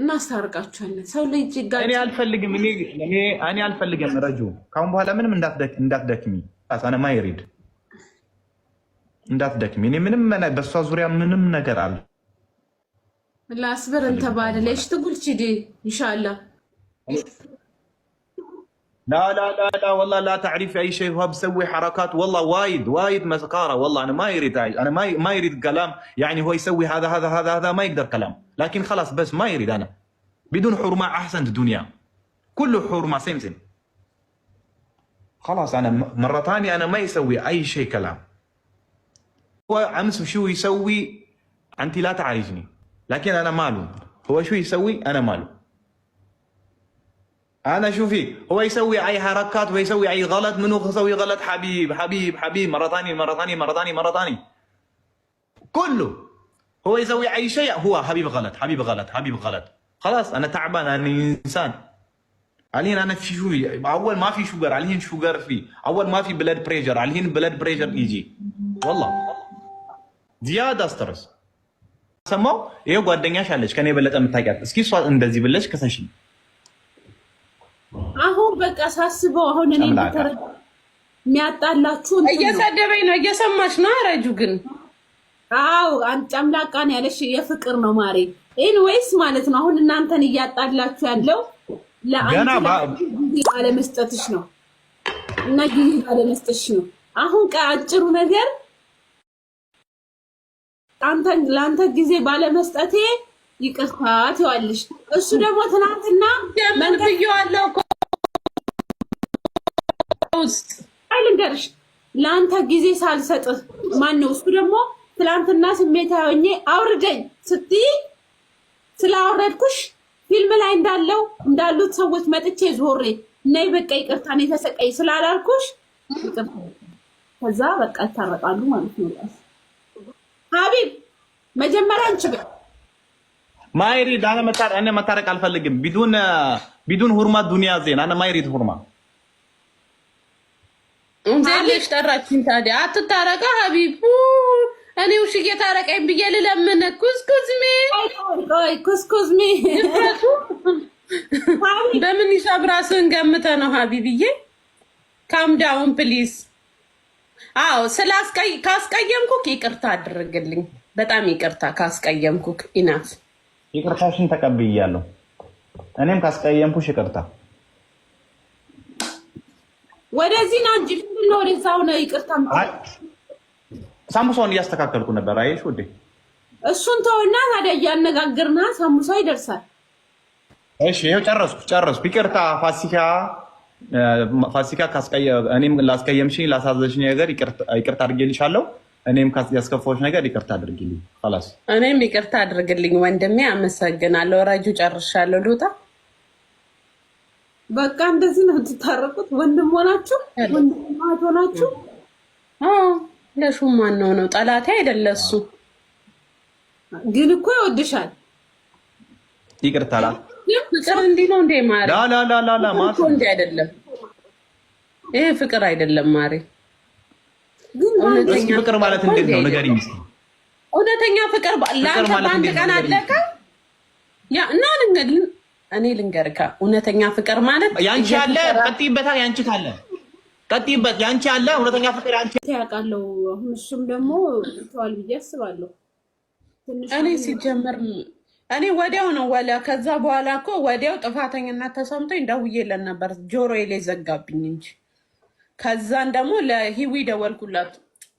እናስታርቃችኋለን። ሰው ልጅ እኔ አልፈልግም እኔ እኔ አልፈልግም። ረጁ ካሁን በኋላ ምንም እንዳትደክሚ ሳሳነ ማይሪድ እንዳትደክሚ። እኔ ምንም በእሷ ዙሪያ ምንም ነገር አለ ላስበር እንተባለ ለሽ ትጉልችዴ ይሻላ لا لا لا لا والله لا تعرفي اي شيء وهو بسوي حركات والله وايد وايد مسكاره والله انا ما يريد انا ما ما يريد كلام يعني هو يسوي هذا هذا هذا هذا ما يقدر كلام لكن خلاص بس ما يريد انا بدون حرمه احسن الدنيا كله حرمه سمسم خلاص انا مره ثانيه انا ما يسوي اي شيء كلام هو امس شو يسوي انت لا تعرفني لكن انا ماله هو شو يسوي انا ماله انا شوفي هو يسوي اي حركات ويسوي اي غلط منو يسوي غلط حبيب حبيب حبيب مره ثانيه مره ثانيه مره ثانيه مره ثانيه كله هو يسوي اي شيء هو حبيب غلط حبيب غلط حبيب غلط خلاص انا تعبان انا انسان علينا انا في شو اول ما في شوجر علينا شوجر في اول ما في بلاد بريجر علينا بلاد بريجر يجي والله زياده سترس سمو ايه ጓደኛሽ አለች ከኔ የበለጠ የምታውቂያት اسكي እሷ اندزي بلش ከሰሽኝ አሁን በቃ ሳስበው አሁን እኔ የሚያጣላችሁ እየሰደበኝ ነው። እየሰማሽ ነው አረጁ ግን አው ጨምላቃን ያለሽ የፍቅር ነው ማሬ። ኤኒዌይስ ማለት ነው አሁን እናንተን እያጣላችሁ ያለው ለአንተ አለመስጠትሽ ነው እና ጊዜ አለመስጠትሽ ነው። አሁን ከአጭሩ ነገር ለአንተ ጊዜ ባለመስጠቴ ይቅርታ ትዋለሽ። እሱ ደግሞ ትናንትና መንብየዋለው ውስጥ አይልንገርሽ ለአንተ ጊዜ ሳልሰጥህ ማን ነው እሱ ደግሞ ትላንትና ስሜታዊ ሆኜ አውርደኝ ስትይ ስላወረድኩሽ ፊልም ላይ እንዳለው እንዳሉት ሰዎች መጥቼ ዞሬ ነይ በቃ ይቅርታ ነው የተሰቀይ ስላላልኩሽ ከዛ በቃ ይታረቃሉ ማለት ነው። ሀቢብ መጀመሪያ አንችበ ማይሪ ዳነ መታረቅ አልፈልግም ቢዱን ቢዱን ሁርማ ዱኒያ ዜና ማይሪት ሁርማ እንዴለሽ ጠራችን ታዲያ አትታረቀ ሀቢቡ እኔ ውሽዬ ታረቀኝ ብዬ ልለምን ኩስኩዝሚ ኩስኩዝሚ በምን ሂሳብ ራስን ገምተ ነው ሀቢብዬ ዳውን ፕሊዝ አዎ ስላስቀይ ካስቀየምኩክ ይቅርታ አድርግልኝ በጣም ይቅርታ ካስቀየምኩክ ኢናፍ ይቅርታሽን ተቀብያለሁ እኔም ካስቀየምኩሽ ይቅርታ ወደዚህ ና እንጂ ምነው ወደዛ ሆነ። ይቅርታ ሳምቡሳውን እያስተካከልኩ ነበር። አየሽ ውዴ፣ እሱን ተውና ታዲያ እያነጋግርና ሳምቡሳ ይደርሳል። እሺ ይኸው ጨረስኩ ጨረስኩ። ይቅርታ ፋሲካ ፋሲካ እኔም ላስቀየምሽኝ ላሳዘሽኝ ነገር ይቅርታ አድርጌልሻለሁ። እኔም ያስከፋዎች ነገር ይቅርታ አድርግልኝ። ላስ እኔም ይቅርታ አድርግልኝ ወንድሜ። አመሰግናለሁ። ረጁ ጨርሻለሁ። ልውጣ በቃ እንደዚህ ነው የምትታረቁት። ወንድም ሆናችሁ ወንድም ሆናችሁ ለሹም ማን ነው ጠላቴ አይደለ እሱ ግን እኮ ይወድሻል። ይቅርታ ላ ፍቅር እንዲህ ነው እንዴ ማሪ? ላላላላ ማለት እንዴ አይደለም። ይሄ ፍቅር አይደለም ማሪ። እውነተኛ ፍቅር ማለት እንዴት ነው ንገሪኝ እስኪ። እውነተኛ ፍቅር ለአንተ በአንድ ቀን አለቀ ያ እና እኔ ልንገርካ እውነተኛ ፍቅር ማለት ያንቺ አለ፣ ቀጥይበታል። ያንቺ ካለ ቀጥይበት። ያንቺ አለ፣ እውነተኛ ፍቅር ያንቺ ያውቃለው። አሁን እሱም ደግሞ ተዋል ብዬ አስባለሁ። እኔ ሲጀመር እኔ ወዲያው ነው ወላ ከዛ በኋላ እኮ ወዲያው ጥፋተኝነት ተሰምቶኝ ደውዬለት ነበር፣ ጆሮ ላይ ዘጋብኝ እንጂ ከዛን ደግሞ ለሂዊ ደወልኩላት።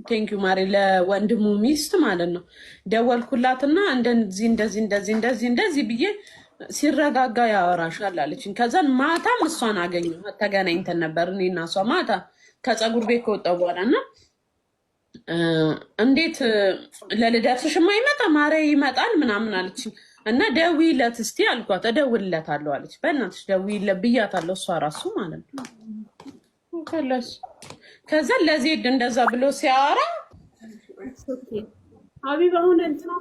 ቴንኪዩ ማሪ ለወንድሙ ሚስት ማለት ነው። ደወልኩላትና እንደዚህ እንደዚህ እንደዚህ እንደዚህ እንደዚህ ብዬ ሲረጋጋ ያወራሻል አለችኝ። ከዛን ማታም እሷን አገኘኋት። ተገናኝተን ነበር እኔ እና እሷ ማታ ከፀጉር ቤት ከወጣሁ በኋላ እና እንዴት ለልደትሽ ይመጣ ማረ ይመጣል ምናምን አለችኝ። እና ደውይለት እስቲ አልኳት። እደውልለታለሁ አለች። በእናትሽ ደውይለት ብያታለሁ። እሷ ራሱ ማለት ነው ከዛ ለዜድ እንደዛ ብሎ ሲያወራ አቢብ አሁን እንትና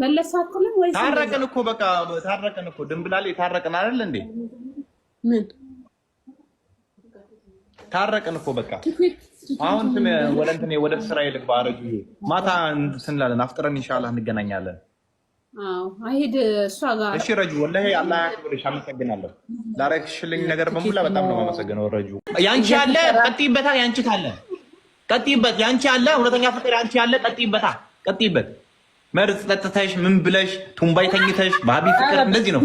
መለስ አትልም ወይ? ታረቅን እኮ በቃ ታረቅን እኮ ድንብላሌ ታረቅን አይደል እንዴ? ምን ታረቅን እኮ በቃ አሁን ስም ወደ እንትን ወደ እስራኤል ባረጁ ማታ ስንላለን አፍጥረን እንሻላ እንገናኛለን። አይሄድ እሷ ጋር እሺ። ረጁ ወላሂ አላህ ያክብርሽ፣ አመሰግናለሁ። ላረክሽልኝ ነገር በሙላ በጣም ነው የማመሰግነው። ረጁ ያንቺ አለ ቀጥይበታ፣ ያንቺ ካለ ቀጥይበት፣ ያንቺ አለ እውነተኛ ፍቅር፣ ያንቺ አለ ቀጥይበታ፣ ቀጥይበት መርዝ ጠጥተሽ ምን ብለሽ ቱምባይ ተኝተሽ ባቢ ፍቅር እንደዚህ ነው።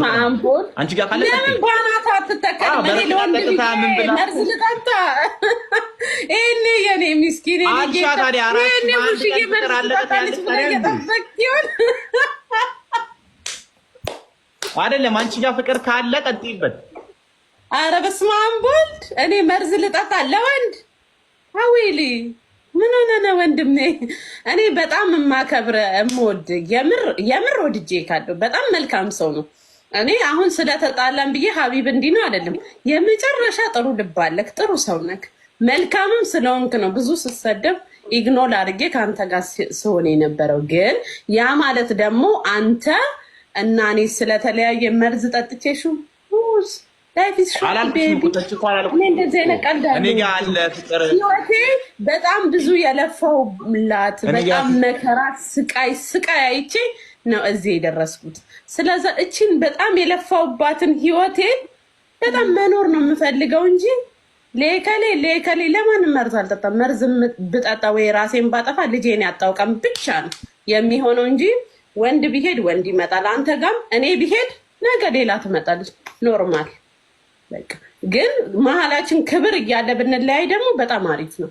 አንቺ ጋር ካለ ለምን ባናታ አትተከል ምን ለወንድ መርዝ ልጠጣ እኔ የኔ ምስኪን እኔ ታዲያ አራሽ ማንድ ፍቅር አለበት አይደለም። አንቺ ጋር ፍቅር ካለ ጠጥይበት። አረ በስመ አብ ወልድ እኔ መርዝ ልጠጣ ለወንድ አዊሊ ምን ሆነ ነው ወንድሜ? እኔ በጣም የማከብረ የምወድ የምር ወድጄ ካለው በጣም መልካም ሰው ነው። እኔ አሁን ስለተጣላን ብዬ ሀቢብ እንዲህ ነው አይደለም። የመጨረሻ ጥሩ ልባለክ ጥሩ ሰው ነክ፣ መልካምም ስለሆንክ ነው ብዙ ስሰደብ ኢግኖል አድርጌ ከአንተ ጋር ስሆን የነበረው። ግን ያ ማለት ደግሞ አንተ እና እኔ ስለተለያየ መርዝ ጠጥቼሹ በጣም ብዙ የለፋውላት በጣም መከራ ስቃይ ስቃይ አይቼ ነው እዚህ የደረስኩት። ስለዛ እችን በጣም የለፋውባትን ህይወቴን በጣም መኖር ነው የምፈልገው እንጂ ሌከሌ ሌከሌ ለማንም መርዝ አልጠጣም። መርዝ ብጠጣ ወይ ራሴን ባጠፋ ልጄን ያጣውቀም ብቻ ነው የሚሆነው እንጂ ወንድ ቢሄድ ወንድ ይመጣል። አንተ ጋም እኔ ቢሄድ ነገ ሌላ ትመጣለች። ኖርማል ግን መሀላችን ክብር እያለ ብንለያይ ደግሞ በጣም አሪፍ ነው።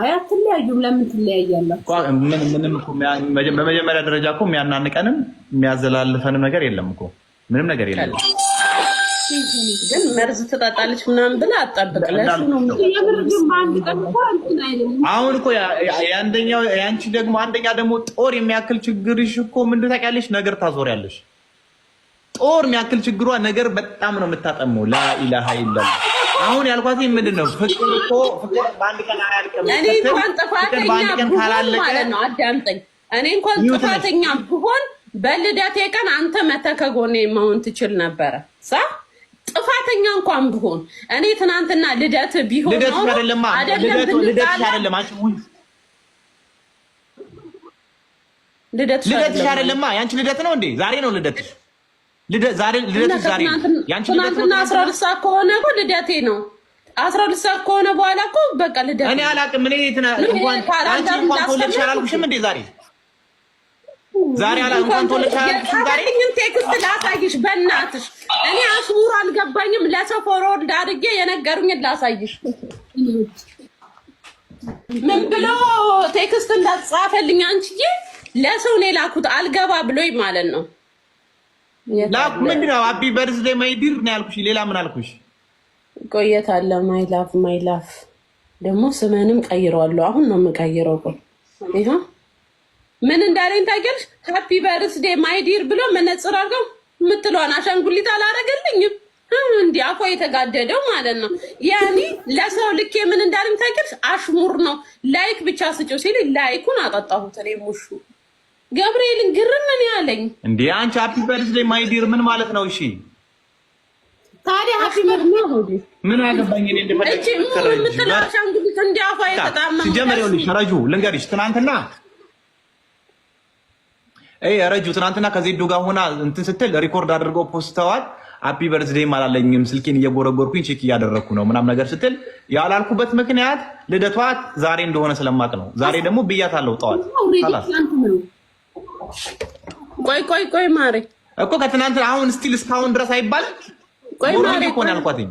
አይ አትለያዩም። ለምን ትለያያላችሁ? ምንም በመጀመሪያ ደረጃ እኮ የሚያናንቀንም የሚያዘላልፈንም ነገር የለም እኮ ምንም ነገር የለም። ግን መርዝ ትጠጣለች ምናምን ብለህ አትጠብቅ። እኮ የአንደኛው የአንቺ ደግሞ አንደኛ ደግሞ ጦር የሚያክል ችግርሽ እኮ ምንድን ታውቂያለሽ ነገር ታዞሪያለሽ ጾር የሚያክል ችግሯ ነገር በጣም ነው የምታጠመው። ላኢላሃ ኢላላ አሁን ያልኳት ምንድን ነው ፍቅር እኮ ፍቅር በአንድ ቀን አያልቅም። እኔ እንኳን ጥፋተኛ ብሆን ማለት ነው አዳምጠኝ። እኔ እንኳን ጥፋተኛ ብሆን በልደቴ ቀን አንተ መተህ ከጎኔ መሆን ትችል ነበረ ሳ ጥፋተኛ እንኳን ብሆን እኔ ትናንትና ልደት ቢሆን ልደት አይደለም አይደለም አንቺ ልደትሽ አይደለማ። ያንቺ ልደት ነው እንዴ? ዛሬ ነው ልደትሽ ዛሬ ልደት ዛሬ ትናንትና አስራ ሁለት ሰዓት ከሆነ እኮ ልደቴ ነው። አስራ ሁለት ሰዓት ከሆነ በኋላ እኮ በቃ እኔ አላውቅም። እኔ አንቺ እንኳን ተወለድሽ አላልኩሽም እንዴ? ዛሬ ዛሬ አላ እንኳን ተወለድሽ ቴክስት ላሳይሽ በእናትሽ። እኔ አስሙር አልገባኝም። ለሰው ፎርወርድ አድርጌ የነገሩኝን ላሳይሽ ምን ብሎ ቴክስት እንዳትጻፈልኝ አንቺዬ፣ ለሰው አልገባ ብሎኝ ማለት ነው። ላኩ ምንድን ነው አቢ በርዝዴ ማይዲር ነው ያልኩሽ። ሌላ ምን አልኩሽ? ቆየት አለ ማይ ማይላፍ ማይላፍ ደግሞ ስምህንም ቀይረዋለሁ። አሁን ነው የምቀይረው። ቆይ ይሄ ምን እንዳለኝ ታውቂያለሽ? ሃፒ በርዝዴ ማይዲር ብሎ መነጽር አድርገው የምትለዋን አሻንጉሊት አላደረገልኝም። እንዲ አፎ የተጋደደው ማለት ነው። ያኔ ለሰው ልኬ ምን እንዳለኝ ታውቂያለሽ? አሽሙር ነው ላይክ ብቻ ስጪው ሲል ላይኩን አጠጣሁት እኔ ሙሹ ገብርኤልን ግርምን ያለኝ እንዴ! አንቺ ሃፒ በርዝዴ ማይ ዲር ምን ማለት ነው? እሺ ታዲያ ሃፒ በርዝዴይ ነው ምን አገባኝ እኔ እንደፈለግሽ ምትላሻ እንግዲህ እንዲያፋ የተጣማ ሲጀመር ይኸውልሽ፣ ረጁ ልንገርሽ፣ ትናንትና አይ ረጁ ትናንትና ከዜዶ ጋር ሆና እንትን ስትል ሪኮርድ አድርገው ፖስተዋል። ሃፒ በርዝዴ አላለኝም ስልኬን እየጎረጎርኩኝ ቼክ እያደረግኩ ነው ምናም ነገር ስትል ያላልኩበት ምክንያት ልደቷት ዛሬ እንደሆነ ስለማቅ ነው። ዛሬ ደግሞ ብያታለሁ ጠዋት ቆይ ቆይ ቆይ ማሬ እኮ ከትናንት አሁን ስቲል እስካሁን ድረስ አይባልም። ቆይ ማሬ እኮ ነው ያልኳትኝ።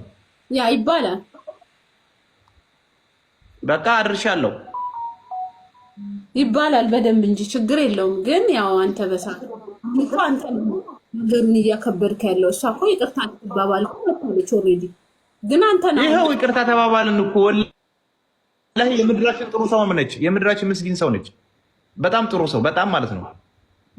ያ ይባላል። በቃ አድርሻለሁ ይባላል በደንብ እንጂ ችግር የለውም። ግን ያው አንተ በሳ እኮ አንተ ነገሩን እያከበድክ ያለው እሷ እኮ ይቅርታ ተባባል ነች ኦልሬዲ። ግን አንተ ነው ይኸው ይቅርታ ተባባልን እኮ ወላሂ። የምድራችን ጥሩ ሰው ነች። የምድራችን ምስጊን ሰው ነች። በጣም ጥሩ ሰው በጣም ማለት ነው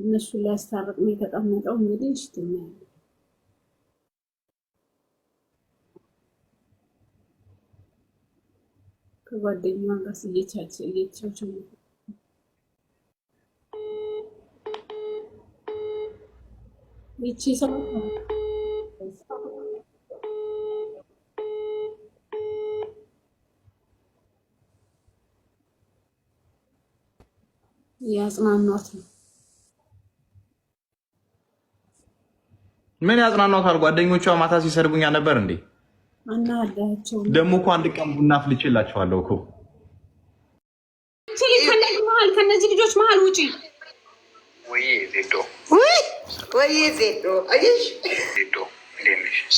እነሱ ሊያስታርቅ ነው የተቀመጠው። እንግዲህ እሽተኛ ከጓደኛዋ ጋር ስየቻቸው እየቻቸው ይቺ ሰው ያጽናኗት ነው። ምን ያጽናኗታል? ጓደኞቿ ማታ ሲሰርጉኛ ነበር እንዴ? ደግሞ እኮ አንድ ቀን ቡና አፍልቼላቸዋለሁ እኮ ከነዚህ ልጆች መሀል ውጪ። ወይዬ ዜዶ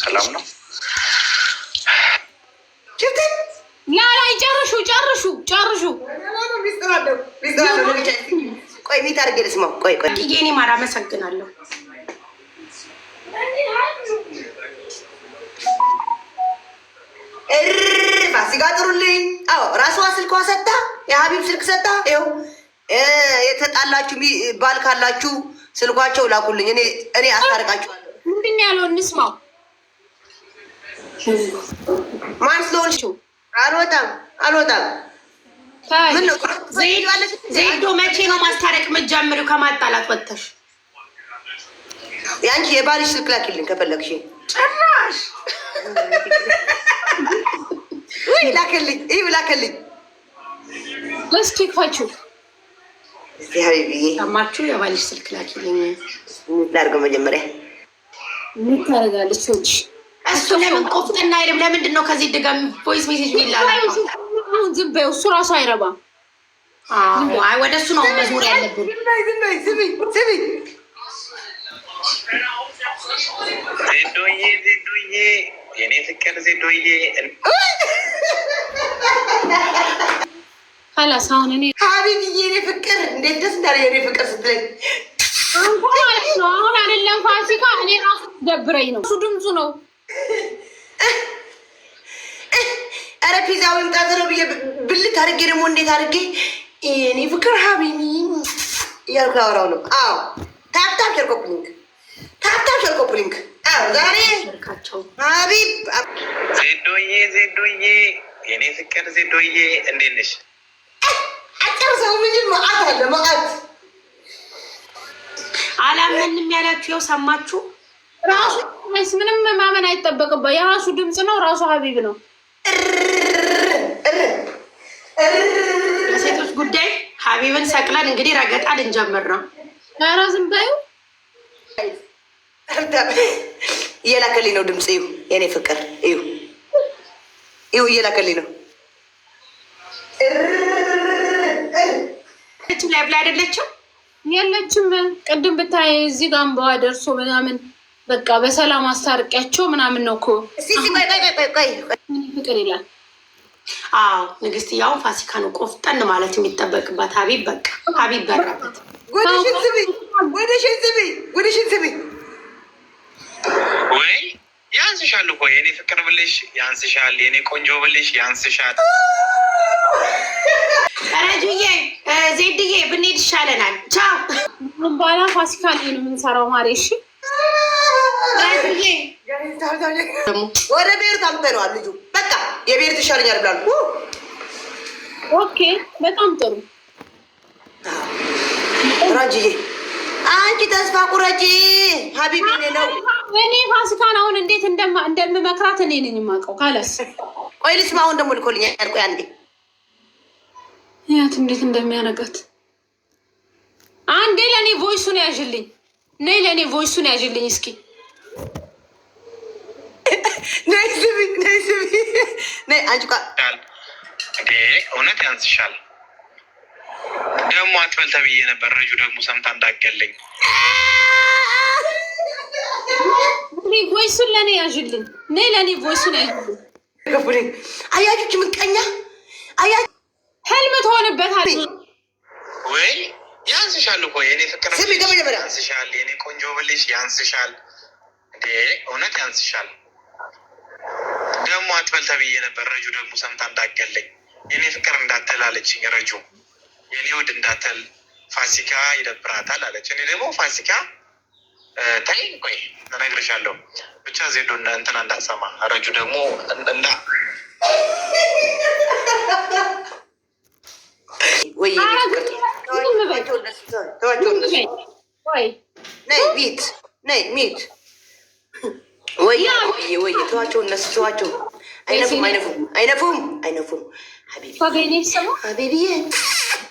ሰላም ነው። ላይ ጨርሹ ጨርሹ ጨርሹ። ቆይ ሚት አድርጌ ልስማው። ቆይ ቆይ፣ ማር አመሰግናለሁ። ፋሲካ ጥሩልኝ። አዎ ራሷ ስልኳ ሰጣ፣ የሀቢብ ስልክ ሰጣ። ይኸው የተጣላችሁ ባል ካላችሁ ስልኳቸው ላኩልኝ፣ እኔ እኔ አስታርቃችኋለሁ። ምንድን ያለው እንስማው። ማን ስለሆንሽው? አልወጣም አልወጣም። ዘይዶ መቼ ነው ማስታረቅ የምትጀምሪው? ከማጣላት ወጥተሽ የአንቺ የባልሽ ስልክ ላኪልኝ ከፈለግሽ። ጭራሽ ውይ ላክልኝ፣ ይህ ላክልኝ። እስኪ ክፋችሁ ሰማችሁ። የባልሽ ስልክ ላኪልኝ ላርገ መጀመሪያ ምን ታደርጋለች? ሰዎች እሱ ለምን ቆፍጠና አይልም? ለምንድን ነው ከዚህ ድጋሚ ቮይስ ሜሴጅ ሚላል? አሁን ዝም በይው፣ እሱ ራሱ አይረባም። አይ ወደ እሱ ነው መዝሙር ያለብን። ዜዶዬ ዜዶዬ የኔ ፍቅር ዜዶዬ ካላስ እኔ የኔ ፍቅር እንዴት ደስ እንዳለ የኔ ፍቅር ስትለኝ አሁን አይደለም ፋሲካ እኔ ራሱ ደብረኝ ነው እሱ ድምፁ ነው። ኧረ ብዬ ብልት አድርጌ ደግሞ እንዴት አድርጌ የኔ ፍቅር ሀቢኒ እያልኩ ላወራው ነው። አዎ ታፕታፕ ታብታብ ሸርኮ ፕሪንክ ዛሬ ሀቢብ ዜዶዬ ዜዶዬ የኔ ፍቅር ዜዶዬ እንዴት ነሽ? አጭር ሰው ልጅ መዓት አለ መዓት አላምንም ያላችሁ ያው ሰማችሁ። ራሱ ምንም ማመን አይጠበቅበት የራሱ ድምፅ ነው። ራሱ ሀቢብ ነው። ለሴቶች ጉዳይ ሀቢብን ሰቅለን እንግዲህ ረገጣ ልንጀምር ነው። ኧረ ዝም በይው። እየላከልኝ ነው ድምፅ እዩ። የኔ ፍቅር እዩ እዩ፣ እየላከልኝ ነው። ላይ ብላ አይደለችም የለችም። ቅድም ብታይ እዚህ ጋንበዋ ደርሶ ምናምን በቃ በሰላም አስታርቂያቸው ምናምን ነው እኮ ፍቅር ይላል። አዎ ንግስት ያውን ፋሲካ ነው ቆፍጠን ማለት የሚጠበቅበት ሀቢብ በቃ ሀቢብ በራበት ወደ ሽንት ቤት ወደ ሽንት ወይ ያንስሻል እኮ የኔ ፍቅር ብልሽ ያንስሻል፣ የኔ ቆንጆ ብልሽ ያንስሻል። ረጁዬ ዜድዬ ብንሄድ ይሻለናል። ቻው። ባላ ፋሲካ ነው የምንሰራው። ማሬ እሺ። ወደ ቤር ታምተነዋል ልጁ በቃ የብሄር ትሻለኛል ብላል። ኦኬ በጣም ጥሩ ረጁዬ አንቺ ተስፋ ቁረጪ ሀቢቢ ነው። እኔ ፋሲካን አሁን እንዴት እንደምመክራት እኔ ነኝ የማውቀው። ካለስ ቆይ ልስማ። አሁን ደግሞ ልኮልኛል። ቆይ አንዴ ያት እንዴት እንደሚያረጋት አንዴ ለእኔ ቮይሱን ያዥልኝ። ነይ ለእኔ ቮይሱን ያዥልኝ እስኪ ነይ ስሚ፣ ነይ ስሚ፣ ነይ አንቺ እውነት ያንስሻል ደግሞ አትበል ተብዬ ነበር። ረጁ ደግሞ ሰምታ እንዳገለኝ ቮይሱን ለእኔ ያዥልኝ። እኔ ለእኔ ቮይሱን ያዥልኝ። አያጆች ምቀኛ አያ ህልም ትሆንበታል ወይ ያንስሻል እኮ የኔ ፍቅር ያንስሻል፣ የኔ ቆንጆ ብልሽ ያንስሻል፣ እንዴ እውነት ያንስሻል። ደግሞ አትበል ተብዬ ነበር። ረጁ ደግሞ ሰምታ እንዳገለኝ የኔ ፍቅር እንዳትላለችኝ ረጁ የኔ ውድ ፋሲካ ይደብራታል አለች። እኔ ደግሞ ፋሲካ ተይ ቆይ እነግርሻለሁ ብቻ ዜዶ እንትና እንዳሰማ ረጁ ደግሞ እንዳ አይነፉም አይነፉም አይነፉም። ሀቢቢ ሀቢቢዬ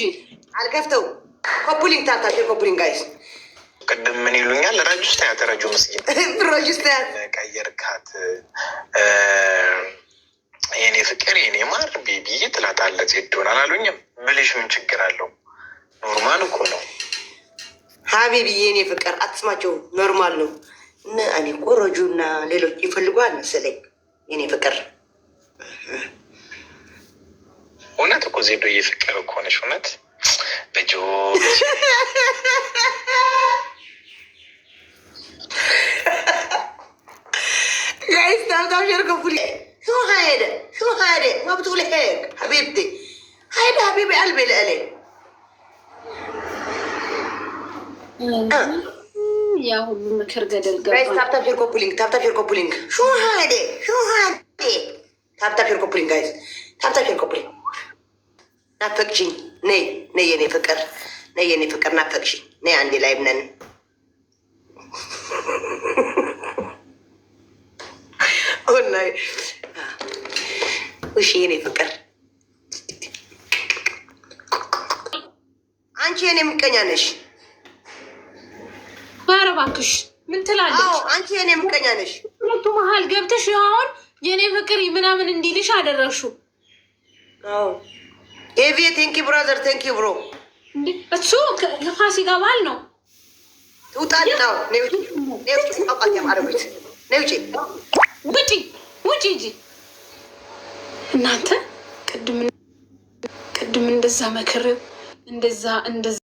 እንጂ አልከፍተው። ኮፕሊንግ ታታቸው ኮፕሊንግ ጋይስ ቅድም ምን ይሉኛል? ረጅ ውስጥ ረጁ ምስኪን ረጅ ቀየርካት የኔ ፍቅር የኔ ማር ቤቢዬ ትላታለች። ሄዶን አላሉኝም ብልሽ ምን ችግር አለው? ኖርማል እኮ ነው ሀቢቢዬ የኔ ፍቅር አትስማቸው። ኖርማል ነው። እኔ እኮ ረጁ እና ሌሎች ይፈልጓል መሰለኝ የኔ ፍቅር እውነት እኮ ዜዶ እየፈቀረ እኮ ነች። እውነት በጆ ያ ሁሉ ምክር ገደል ገባ። ታፕታፕ ሄር ኮፕሊንግ ታፕታፕ ሄር ኮፕሊንግ ሹ ሀዴ ሹ ሀዴ ታፕታፕ ሄር ኮፕሊንግ ጋይዝ ታፕታፕ ሄር ኮፕሊንግ ናፈቅሽኝ። ነይ ነይ የኔ ፍቅር ነይ የኔ ፍቅር ናፈቅሽኝ። ነይ አንዴ ላይ ምነን ውሽ የኔ ፍቅር አንቺ የኔ ምቀኛ ነሽ። ኧረ እባክሽ ምን ትላለች? አንቺ የኔ ምቀኛ ነሽ። ሁለቱ መሀል ገብተሽ አሁን የኔ ፍቅር ምናምን እንዲልሽ አደረግሽው። ኤቪዬ ቴንኪ ብራዘር ቴንኪ ብሮ። እሱ ፋሲካ በዓል ነው። ውጣናው ውጪ ውጪ እንጂ እናንተ ቅድም እንደዛ መክሬው እንደዛ እንደዛ